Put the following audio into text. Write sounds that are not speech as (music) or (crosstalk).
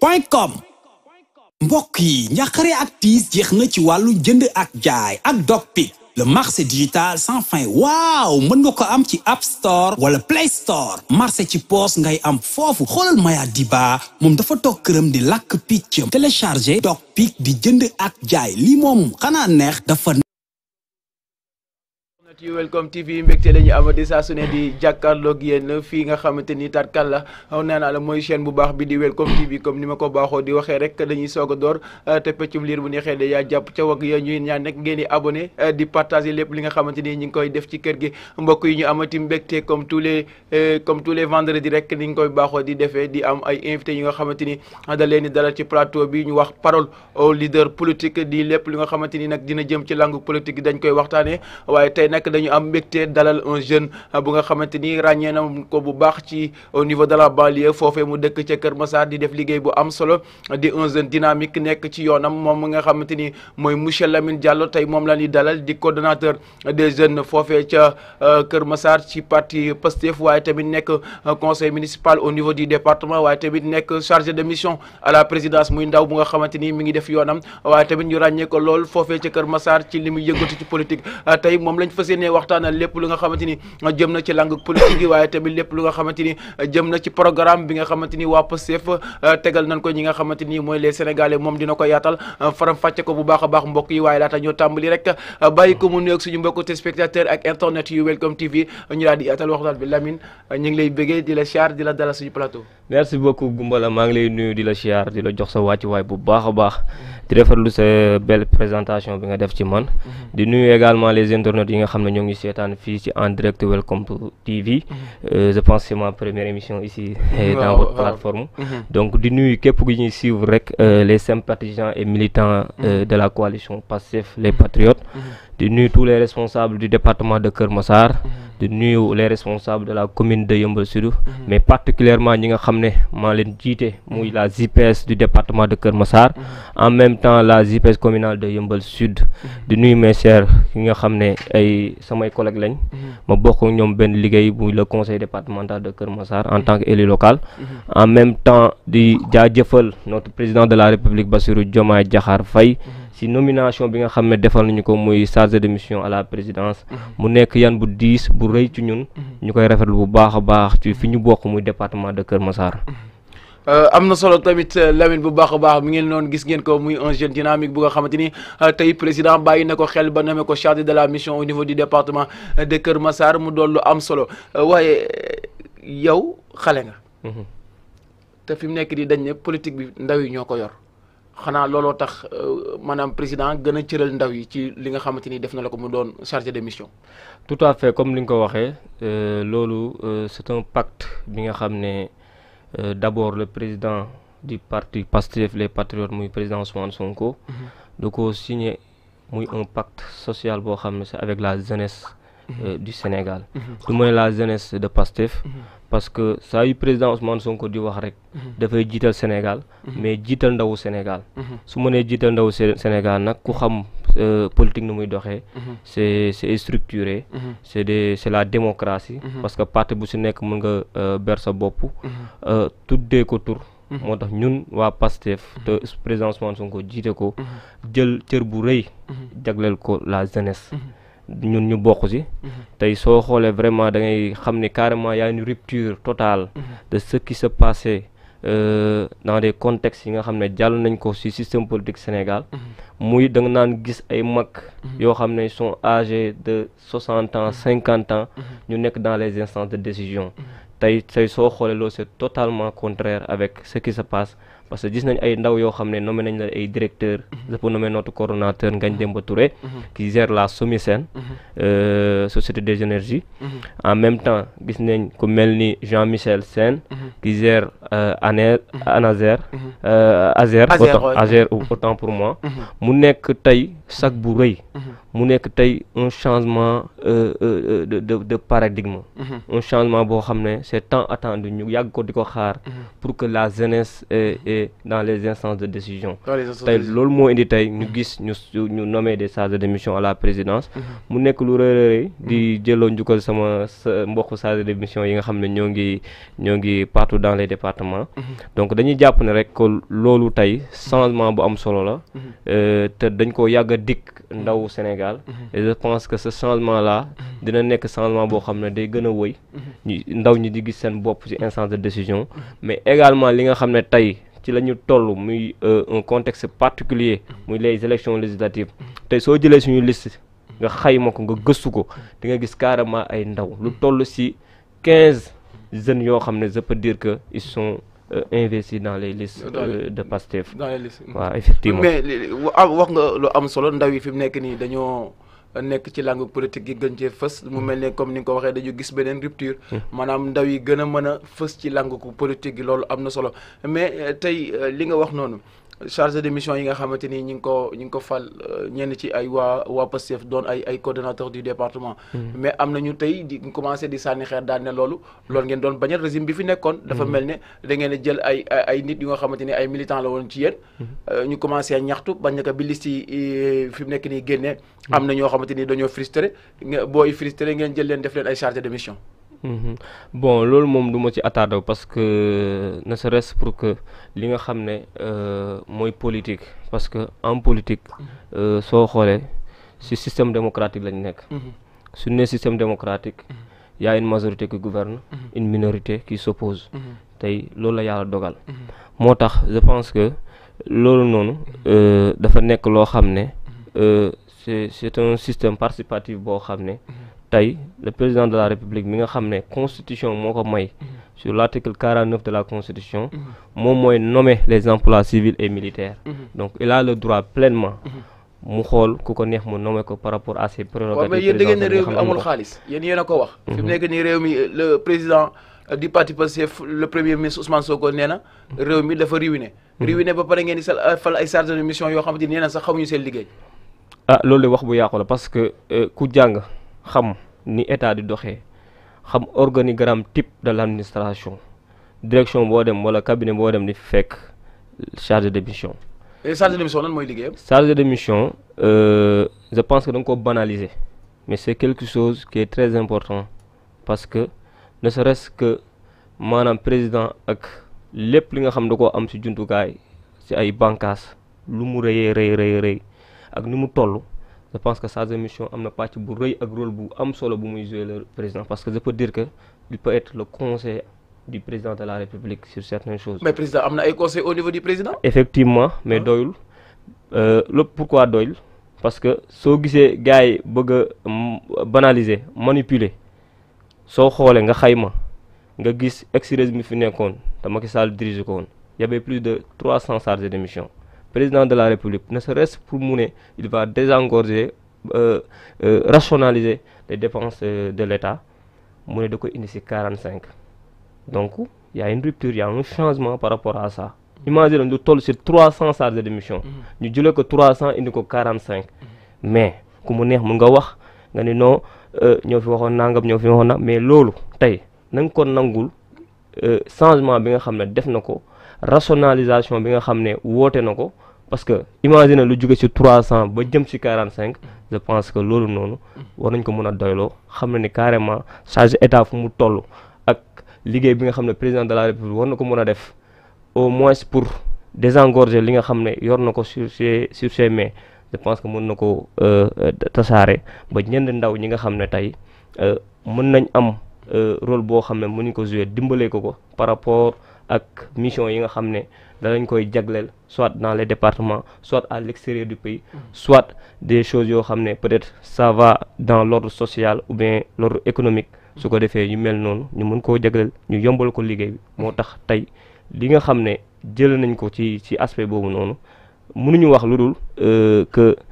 point com mbokk yi njaqare ak tiis jeex na ci wàllu jënd ak jaay ak Docpic le marché digital sans fin waaw mën nga ko am ci app store wala play store ci poos ngay am foofu xoolal Maya Diba moom dafa toog këram di làkk piccam téléchargé Docpic di jënd ak jaay lii moom xanaa neex dafa yu welcome TV mbégte la ñu amati saa su di jàkkaarloog yéen fii nga xamante ni tarkal la nee naa la mooy chaîne bu baax bi di welcome TV comme ni ma ko baaxoo di waxee rek dañuy soog door euh, te peccum liir bu neexee da yaa jàpp ca wag yooyu ñuy ñaan nag ngeen di abonné euh, di partager lépp li nga xamante ni ñu ngi koy def ci kër gi mbokk yi ñu amati mbégte comme tous les euh, comme tous les vendredis rek ni ñu koy baaxoo di defee di am ay invités yi nga xamante ni da leen di dalal ci plateau bi ñu wax parole au leader politique di lépp li xamante ni nag dina jëm ci langue politique dañ koy waxtaanee nag dañu am mbégte dalal un jeune euh, bu nga xamante ni ràññee na ko bu baax ci au niveau de la banlieue foofee mu dëkk ca Kër Massar di def liggéey bu am solo di un jeune dynamique nekk ci yoonam moom nga xamante ni mooy monsieur Lamine Diallo tey moom la ñuy dalal di coordonnateur des jeunes foofee ca euh, Kër Massar ci parti Pastef waaye tamit nekk euh, conseil municipal au niveau di département waaye tamit nekk chargé de mission à la présidence mu ndaw bu nga xamante ni mi ngi def yoonam waaye tamit lool foofee Kër Massar ci li muy yëngatu ci politique yéene waxtaanal lepp lu nga xamanteni ni jëm na ci langue politique waye tamit lepp lu nga xamanteni ni jëm na ci programme bi nga xamanteni ni waa euh, tegal nan ko ñi nga xamanteni ni les sénégalais mom dina ko yatal euh, faram fàcce ko bu baaxa baax mbokk yi la ta ñu tambali rek euh, bayiko mu nuyoog suñu mbokku téléspectateur ak internet yu Welcome TV ñu la di yatal waxtal bi Lamine ñi ngi lay bëggé di la char di la dalal suñu plateau merci beaucoup gumbala ma ngi lay nuyu di la char di la jox sa wacc way bu baaxa baax di rafetlu sa belle présentation bi nga def ci man mhm. di nuyu également les internautes yi nga nous sommes ici en direct Welcome to TV mm-hmm. euh, je pense c'est ma première émission ici euh, (laughs) dans votre plateforme mm-hmm. donc di nuit suivre euh, les sympathisants et militants mm-hmm. de la coalition Passif les patriotes Nous sommes tous les responsables du département de Kermossar de nuyu les responsables de la commune de Yeumbeul Sud mhm. mais particulièrement ñi nga xam leen jité muy mhm. la ZPS du département de Kër Massar mhm. en même temps la ZPS communale de Yeumbeul Sud de nuyu mes chers yi nga ay samay collègues lañ ma bokk ñom ben liggéey muy le conseil départemental de Kër Massar en tant qu'élu local en même temps di jaajëfal notre président de la République Bassirou Diomaye Diakhar Faye ci nomination bi nga xam ne defal nañu ko muy chargé de mission à la présidence mu nekk yan bu diis bu rëy ci ñun ñu koy rafet bu baax a baax ci fi ñu bokk muy département de Kër Massar euh, am na solo tamit euh, Lamine bu baax a baax mi ngeen noonu gis ngeen ko muy un jeune dynamique bu nga xamante ni euh, tey président bàyyi na ko xel ba name ko chargé de la mission au niveau de département de Kër Massar mu doon lu am solo waaye yow xale nga mhm. te fi mu nekk di dañ ne politique bi ndaw yi ñoo ko yor xanaa looloo tax euh, maanaam président gën a cëral ndaw yi ci li nga xamante ni def na la ko mu doon chargé de mission. tout à fait comme li nga ko waxee euh, loolu euh, c'est un pacte bi nga xam ne d'abord le président du parti Pastef les patriotes muy président Ousmane Sonko. Mhm. da ko signé muy un pacte social boo xam ne c'est avec la jeunesse. Mhm. Euh, du Sénégal mhm. du mooy la jeunesse de Pastef mhm. parce que saa yu président Ousmane Sonko di wax rek dafay jiital Sénégal mais jiital ndawu Sénégal su ma nee jiital ndawu Sénégal nag ku xam euh, politique nu muy doxee c'est c'est structuré c'est des c'est la démocratie parce bu si nekk mën nga euh, ber sa bopp tuddee ko tur moo tax ñun waa Pastef te président Ousmane Sonko jiite ko jël cër bu rëy jagleel ko la jeunesse ñun ñu bokku ci mhm. tay so xolé vraiment da ngay xamni carrément y a une rupture totale mhm. de ce qui se passait euh, dans des contextes yi nga xamné ne nañ ko ci système politique Sénégal mhm. muy da nga naan gis ay mak yo xamné sont âgés de 60 ans 50 ans ñu nek dans les instances de décision tay tey so xolé lo c'est totalement contraire avec ce qui se passe parce que gis nañ ay ndaw yoo xam ne nommé nañ la ay directeur je mhm. peux nommer notre coordonnateur Ngagne mhm. Demba Touré mhm. qui gère la SOMISEN euh, société des énergies en même temps gis nañ ku mel ni Jean Michel Sène qui gère euh, ANER ANASER ASER ASER autant pour moi mu nekk tey sac bu rëy mhm. mu nek tay un changement euh, euh, euh, de de de paradigme mhm. un changement bo xamné c'est temps attendu ñu yag ko di ko xaar mhm. pour que la jeunesse est dans les instances de décision tay loolu mo indi tay ñu gis ñu ñu nommé des chargés de mission à la présidence mu nek lu rëy rëy di jëloo njukkal sama mbokk chargés de mission yi nga xamné ne ñoo ngi ñoo ngi partout dans les départements donc dañuy japp ne rek que loolu tay changement bu am solo la te dañ ko yag dik ndaw Sénégal mm-hmm. et je pense que ce mm-hmm. changement là dina nek changement bo xamné ne day gën a wëy mm-hmm. ndaw ñi di gis sen bop ci instance de décision mais également li nga xamné tay ci la tollu muy euh, un contexte particulier muy les élections législatives tay so jëlé suñu liste nga xayma ko nga gëssuko ko di nga gis carrément ay ndaw lu tollu ci 15 jeunes yo xamné je peux dire que ils sont euh, investi dans les listes euh, de Pastef dans les listes effectivement mais wax nga am solo ndaw ci langue politique ont gën cee mu mm. mel comme rupture mm. ndaw yi a ci langue politique qui mais euh, tay li nga wax chargé de mission yi nga xamante ni ñi ngi ko ñi ngi ko fal euh, ñenn ci ay waa waa Pastef doon ay ay coordonnateur du département hmm. mais am na ñu tey di commencé di sànni xeer daal ne loolu loolu ngeen doon bañal résime bi fi nekkoon dafa hmm. mel ne da ngeen jël ay ay nit yu nga xamante ni ay militant la woon ci yéen hmm. euh, ñu commencé ñaxtu bañ naka bi liste yi euh, fi mu nekk nii génne am na ñoo xamante ni dañoo frustré booy frustré ngeen jël leen def leen ay chargé de mission Mhm. bon loolu moom du ma ci attardé parce que ne serait-ce pour que li nga xam ne euh, mooy politique parce que en politique mhm. euh, soo xoolee si système démocratique lañ nekk. Mhm. su un système démocratique. il y a une majorité qui gouverne. une minorité qui s'oppose tey loolu la yàlla dogal. moo tax je pense que loolu noonu euh, dafa nekk loo xam ne c'est c'est un système participatif boo xam tay le président de la république mi nga xamné constitution moko may sur l'article 49 de la constitution mom moy nommer les emplois civils et militaires donc il a le droit pleinement mu xol ku ko neex mu nommé ko par rapport à ses prérogatives. mais yéen da ngeen ne amul xaalis yéen yéen ko wax. fi mu mhm. nekk nii mi le président euh, du parti Pastef le premier ministre Ousmane Sonko néna na réew mi dafa ruiné. Mhm. ruiné ba pare ngeen di sal euh, fal ay chargés de mission yo xamante ni nee na sax xamuñu seen liggéey. ah loolu wax bu yàqu parce que euh, ku jang xam ni état di doxé xam organigramme type de l'administration, direction bo dem wala cabinet bo dem ni fek chargé de mission. et chargé de mission lan moy liggéeyam. chargé de mission euh, je pense que c'est ko banaliser mais c'est quelque chose qui est très important parce que ne serait-ce que manam président ak lepp li nga xam da koo am ci gaay ci ay bànqaas lu mu rëyee rëy rëy rëy ak ni mu je pense que sa émissions, am na bu rôle bu am le président parce que je peux dire que il peut être le conseil du président de la république sur certaines choses. mais président y a un conseil au niveau du président. effectivement mais ah. Doyle, euh, pourquoi Doyle parce que si qui gars yi banaliser manipuler si vous nga xayma nga gis fi Macky y avait plus de 300 charges d'émission. de président de la République, ne serait-ce pour Mouné, il va désengorger, euh, euh, rationaliser les dépenses euh, de l'État. Mouné de quoi 45. Donc, il y a une rupture, il y a un changement par rapport à ça. Imaginez, nous sommes sur 300 salles de démission. Nous disons que 300, il nous 45. Mais, comme on est, nga ni non ñoo fi un nangam fait, fi waxoon mais loolu tay nous avons ko nangul changement bi nga rationalisation bi nga xam ne woote na ko parce que imagine lu juge si trois cent ba jëm ci quarante cinq je pense que loolu noonu war nañ ko mën a doyloo xam ne ni carrément charge état fu mu toll ak liggéey bi nga xam ne président de la république war na ko mën a def au moins pour des désengorger li nga xam ne yor na ko sur ses sur ses mais je pense que mën na ko euh, tasaare ba ñenn ndaw ñi nga xam ne tey euh, mën nañ am euh, rôle boo xam ne mënuñ ko jouer dimbalee ko ko par ak mission yi nga soit dans les départements soit à l'extérieur du pays soit des choses yoo xam peut-être ça va dans l'ordre social ou bien l'ordre économique su ko defee ñu mel noonu ñu nous koo jagleel ñu yombal ko liggéey bi moo li nga xam ne jël nañ ko ci ci aspect wax euh, que